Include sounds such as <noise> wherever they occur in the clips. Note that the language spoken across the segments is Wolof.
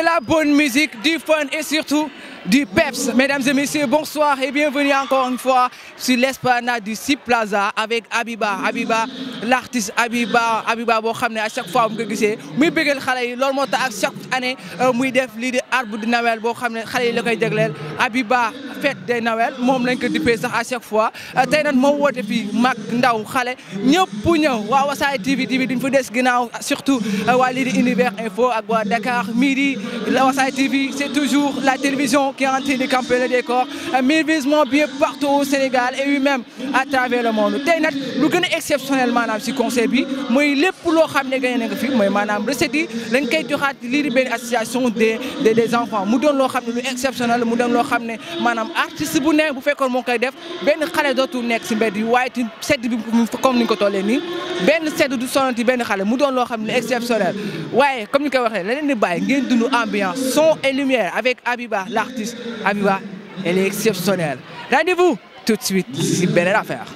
de la bonne musique, du fun et surtout du PEPS. Mesdames et messieurs, bonsoir et bienvenue encore une fois sur l'esplanade du Sea Plaza avec Abiba. Abiba, l'artiste Abiba, Abiba boo xam ne a chaque fois bu ko gisee muy bëggal xale yi loolu moo tax ak chaque année euh, muy def lii di arbre de Noël boo xam ne xale yi la koy jagleel Abiba. fête de Noël moom lañ ko dippee sax à chaque fois euh, tey nag moo woote fii mag ndaw xale ñëpp ñëw waa Wassare TV TV duñ fa des surtout euh, waa lii di Univers Info ak waa Dakar Midi la Wassare TV c'est toujours qui est en train de camper le décor euh, mille vies moo biir partout au Sénégal et lui-même à travers le monde tey nag lu gën a exceptionnel maanaam si concert bi mooy lépp loo xam ne gagné na nga fi mooy maanaam recette yi lañ koy joxaat lii di benn association des des enfants mu doon loo xam ne lu exceptionnel mu doon loo xam ne maanaam artiste bu ne bu fekkoon moo koy def benn xale dootul nekk si mbedd yi waaye ti sedd bi comme ni ñu ko tollee nii benn sedd du sonanti benn xale mu doon loo xam ne exceptionnel waaye comme ni koy waxee leneen di bàyyi ngeen dund ambiance son et lumière avec Abiba l'artiste artiste Abiba, elle est exceptionnelle. Rendez-vous tout de suite, c'est une belle affaire.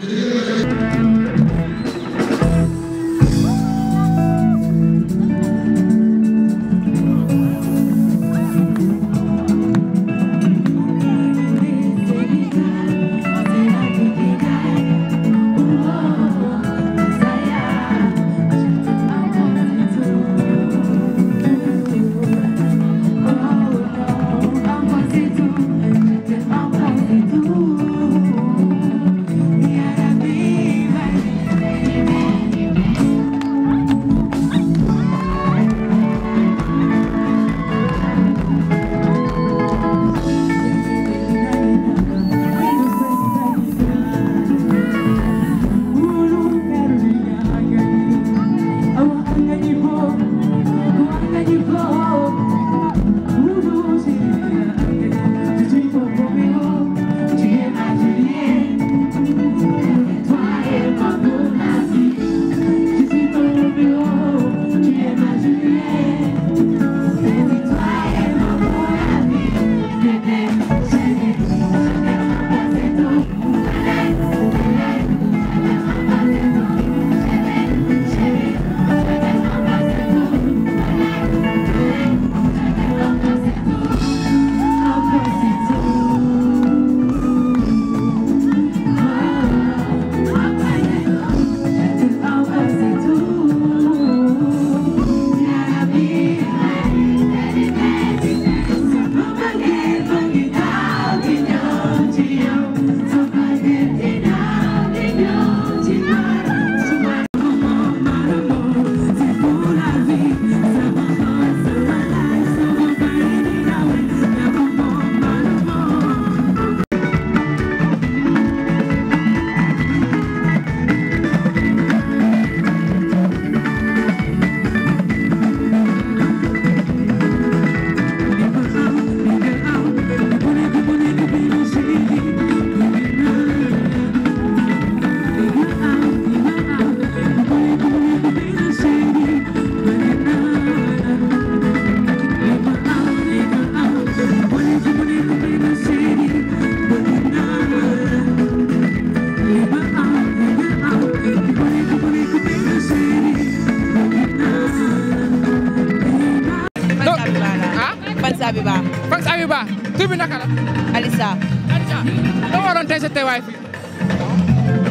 teewaay fi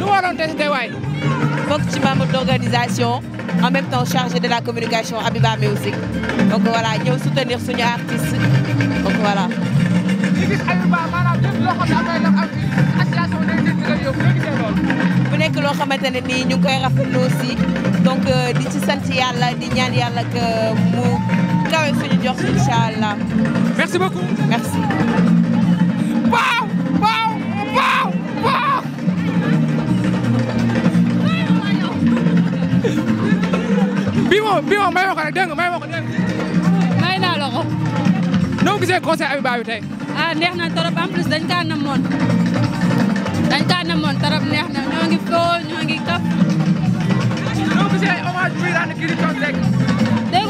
lu waroon tey sa teewaay. bokk d'organisation en même de la communication Abiba Music donc voilà ñëw soutenir suñu artiste donc ñu gis Abiba maanaam lépp loo xam ne am nekk loo ne nii ñu ngi koy rafetlu aussi donc euh, di ci sant yàlla di ñaan yàlla que mu kawe suñu jox incha allah. merci beaucoup non may ma ko rek dégg nga may ma ko may naa la ko. noo concert Abiba bi tey. ah neex na trop en plus dañ kaa namoon dañ kaa namoon trop neex na ñoo foo ñoo kaf. noo gisee hommage bi muy daan kii di Thione Seck. dégg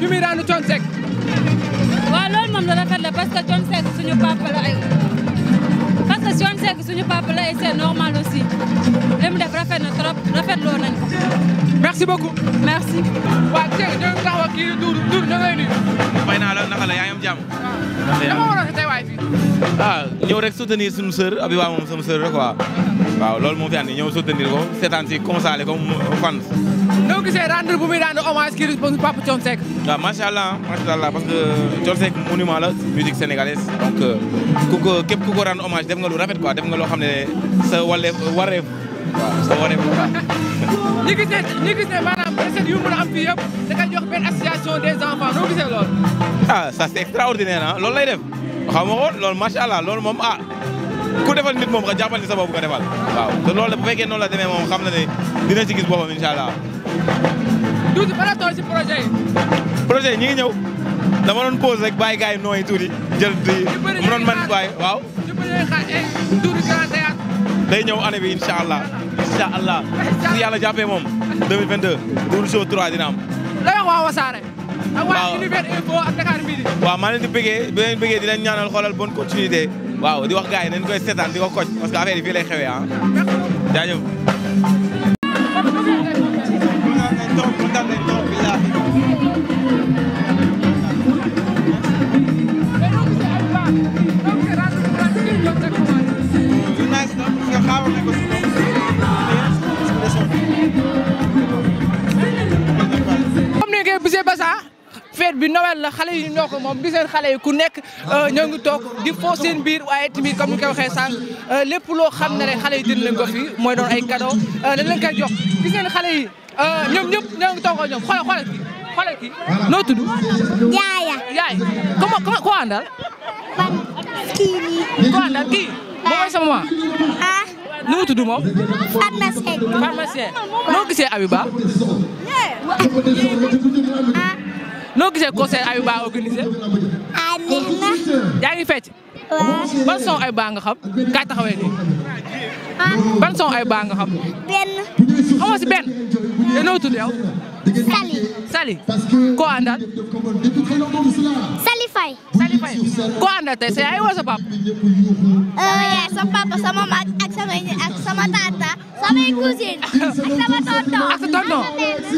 bi muy daan Thione Seck. waaw loolu moom la rafet la parce que Thione te Thione Seck suñu papa la et c'est normal aussi li mu def rafet na trop rafetloo nañ ko. merci beaucoup. merci. waa Seck ñoom taxaw ak kii Doudou Doudou ñoo ngi lay nuyu. may naa la naka la yaa ngi am jàmm. waaw dama waroon a teewaay fii. ah ñëw rek soutenir suñu sœur Abiba moom sama sœur la quoi. waaw loolu moo fi andi ñëw soutenir ko seetaan si comme ça comme fan. doo gisee rendre bu muy rendre hommage kii Papa Thione Seck. waaw macha allah macha allah parce que Thione Seck monument la musique sénégalaise donc euh, ku ku ko rendre hommage def nga lu rafet quoi def nga loo xam ne sa wàlleef wareef. waaw sa wareef quoi. <laughs> ñu gis ne ñu gis ne maanaam recette yu mën a am fii yëpp lool. ah ça c'est extraordinaire ah loolu lay def xam nga woon loolu macha allah loolu moom ah. ku defal nit moom nga jàppal ni sa bopp nga defal waaw te loolu la bu tuuti fan la toll projet projet yi ñu ngi ñëw dama doon pause rek bàyyi gars yi nooyi tuuti jël di. mu doon man waaye waaw. ñu bëri ñuy xaar eh, tuuti grand ñëw année bi incha allah incha yàlla jàppee moom 2022 Doudou Show 3 dina am. la wax waa Wassare. ak waa Univers Info ak Dakar Midi. waaw maa leen di bëggee bi di leen ñaanal xoolal bonne continuité waaw di wax gars yi koy seetaan di ko koñ parce que affaire yi fii lay xewee ah comme ni nga koy gisee Bassa bi Noël la xale yi ñoo ko moom giseen xale yi ku nekk euh, ñoo ngi toog di foo seen biir waaye tamit comme ni ko waxee sànq euh, lépp loo xam ne rek xale yi dinañ ko mooy doon ay cadeau euh, dañ leen koy jox giseen xale yi ñoom ñëpp ñoo ngi toogoo ñoom xoolal xoolal kii xoolal kii noo tudd. Yaaya. Yaay comment comment koo àndal. kii mooy sama maman. Ah. nu mu tudd moom. pharmacien. pharmacien noo gisee Abiba. noo gisee concert Abiba organisé. ah neex na. yaa ngi fecc. waaw ban son Abiba nga xam kaay taxawee nii. Ah. ban son Abiba nga xam. benn. xamoo si benn. te noo tudd yow. Sali. Sali koo àndal. Sali Faye. Sali Faye koo àndal tey sa yaay woo sa papa. Oh, yaay sama papa sama mag ak sama ak sama tata samay cousine ak sama ah, tonton. ak sa tonton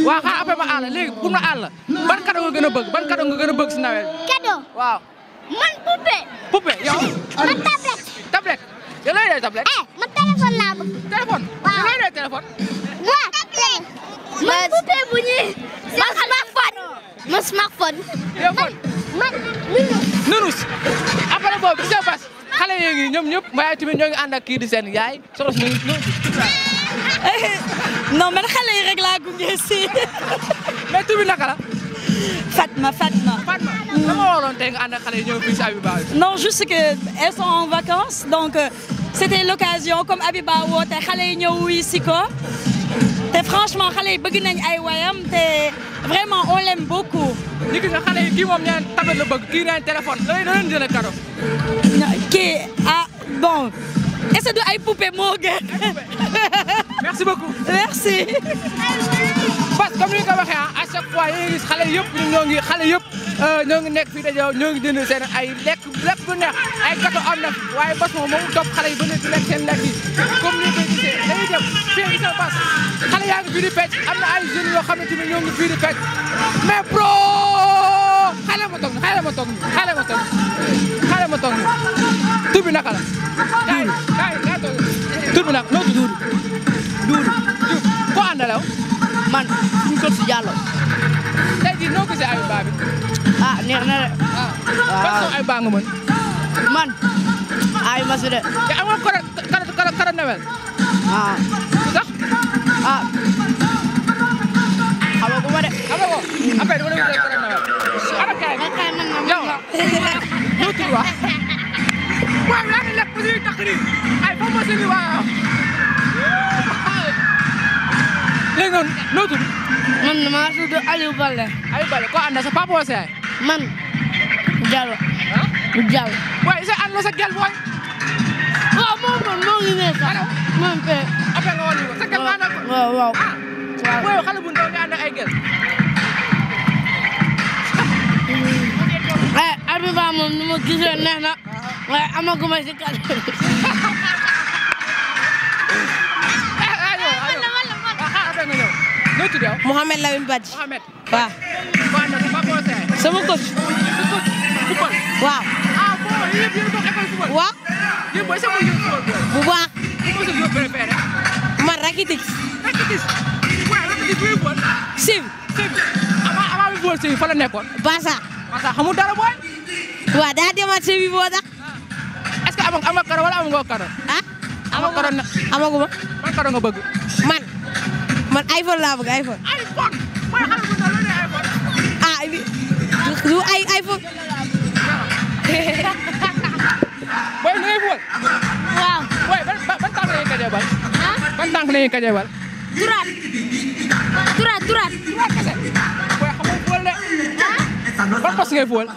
waaw xaaral après ma àll léegi pour ma àll ban cadeau gën a bëgg ban cadeau gën bëgg si nawet. cadeau waaw. man poupée. poupée yow. man tablette. tablette yow looy dee tablette. eh man laa bëgg. téléphone. waaw yow looy dee téléphone. man poupée bu ñuy. ma smartphone ma smartphone. man man nunus après boobu gis nga Bas xale yooyu ñoom ñëpp waaye tamit ñoo ngi ànd kii di seen yaay solos mi ngi <laughs> non yi rek laa gunge si. <laughs> mais tur Fatma Fatma. Fatma lan moo waroon tey yi ñëw fii si non juste que elles sont en vacances donc euh, c' était comme Abiba woote xale yi ñëw wuyu ko. te franchement xale yi bëgg nañ ay wayam te vraiment on l'aime beaucoup. ñu gis ne xale yi kii moom ñaan tablette la bëgg kii naan téléphone da ngay da leen jënd cadeau. kii a ah, bon est-ce du ay poupée moo merci beaucoup merci. parce que comme ni ñu ko waxee ah ñoo ngi xale yëpp euh, ñoo ngi nekk fii dañoo ñoo ngi jënd seen ay lekk lekk bu neex ay gato am na waaye bas moom moom topp xale yi ba lekk seen lekk yi comme ni ñu ngi fii di fecc am na ay jeunes yoo xam ne tamit ñoo ngi fii di fecc mais pro xale ma toog nii xale ma toog nii toog nii xale ma toog nii tur bi naka la. tur bi tur bi duuru Diouf man suñu si Diallo. tey jii noo gisee Ayou Ba bi. ah neex na de. waaw ah. ah. fan Ayou Ba nga mën. man ay ma de. te amoo koro koro koro newel. ah. ndax ah. xamoo de. xamoo ko après dama la wutale koro newel. ana kaay bi kaay man na yow noo tudd waa. <laughs> waaw yaa ngi lekk ay foofu ma si nii léegi noonu noo tudd. man maa tudd Aliou Balde. Aliou Balde koo ànd sa papa wala sa yaay. man. Diallo. Diallo. waaye sa ànd sa gel booy. waaw moom moom moo ngi ne sax. moom pe. affaire nga woon ni ko sa gel ah, ay gel. waaye eh, Habib Ba ma gisee ah. eh, si kàddu <laughs> tudd yow. Mouhamed Lamine sa coach waaw. ah bu baax. bu ma sa yóbbu préféré. man Rakitic. Rakitic. nekkoon. Barça. Barça dara booy. waaw daa demaat Sim bi boo tax. Ah. est-ce que am nga am nga karo wala am nga karo. ah amaguma amaguma. ban karo nga bëgg. man iPhone laa bëgg iPhone. iPhone mooy xale bu ndaw lu ne iPhone. ah du ay iPhone. booy nu ngay football. waaw. booy ban ban tànk la ñuy kajee bal. ah ban tànk la ñuy kajee bal. turaat turaat turaat. turaat kese. booy xamul football de. ban poste ngay football.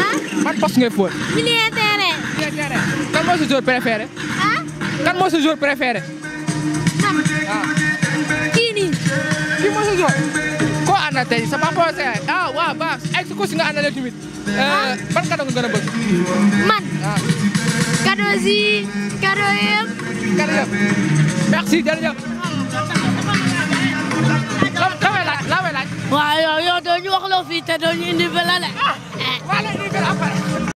ah ban poste ngay football. milieu terrain. milieu terrain. kan mooy sa joueur préféré. ah kan mooy sa joueur préféré. Jojo koo tey sa papa Seck ah baax ay sa nga àndalee tamit. Ah. Eh, ban kado nga gën a bëgg. man. waaw kado si kado yëpp. kado yëpp merci jërëjëf. Ah, loo loo fii te doo ñu indi ba la de. Ah,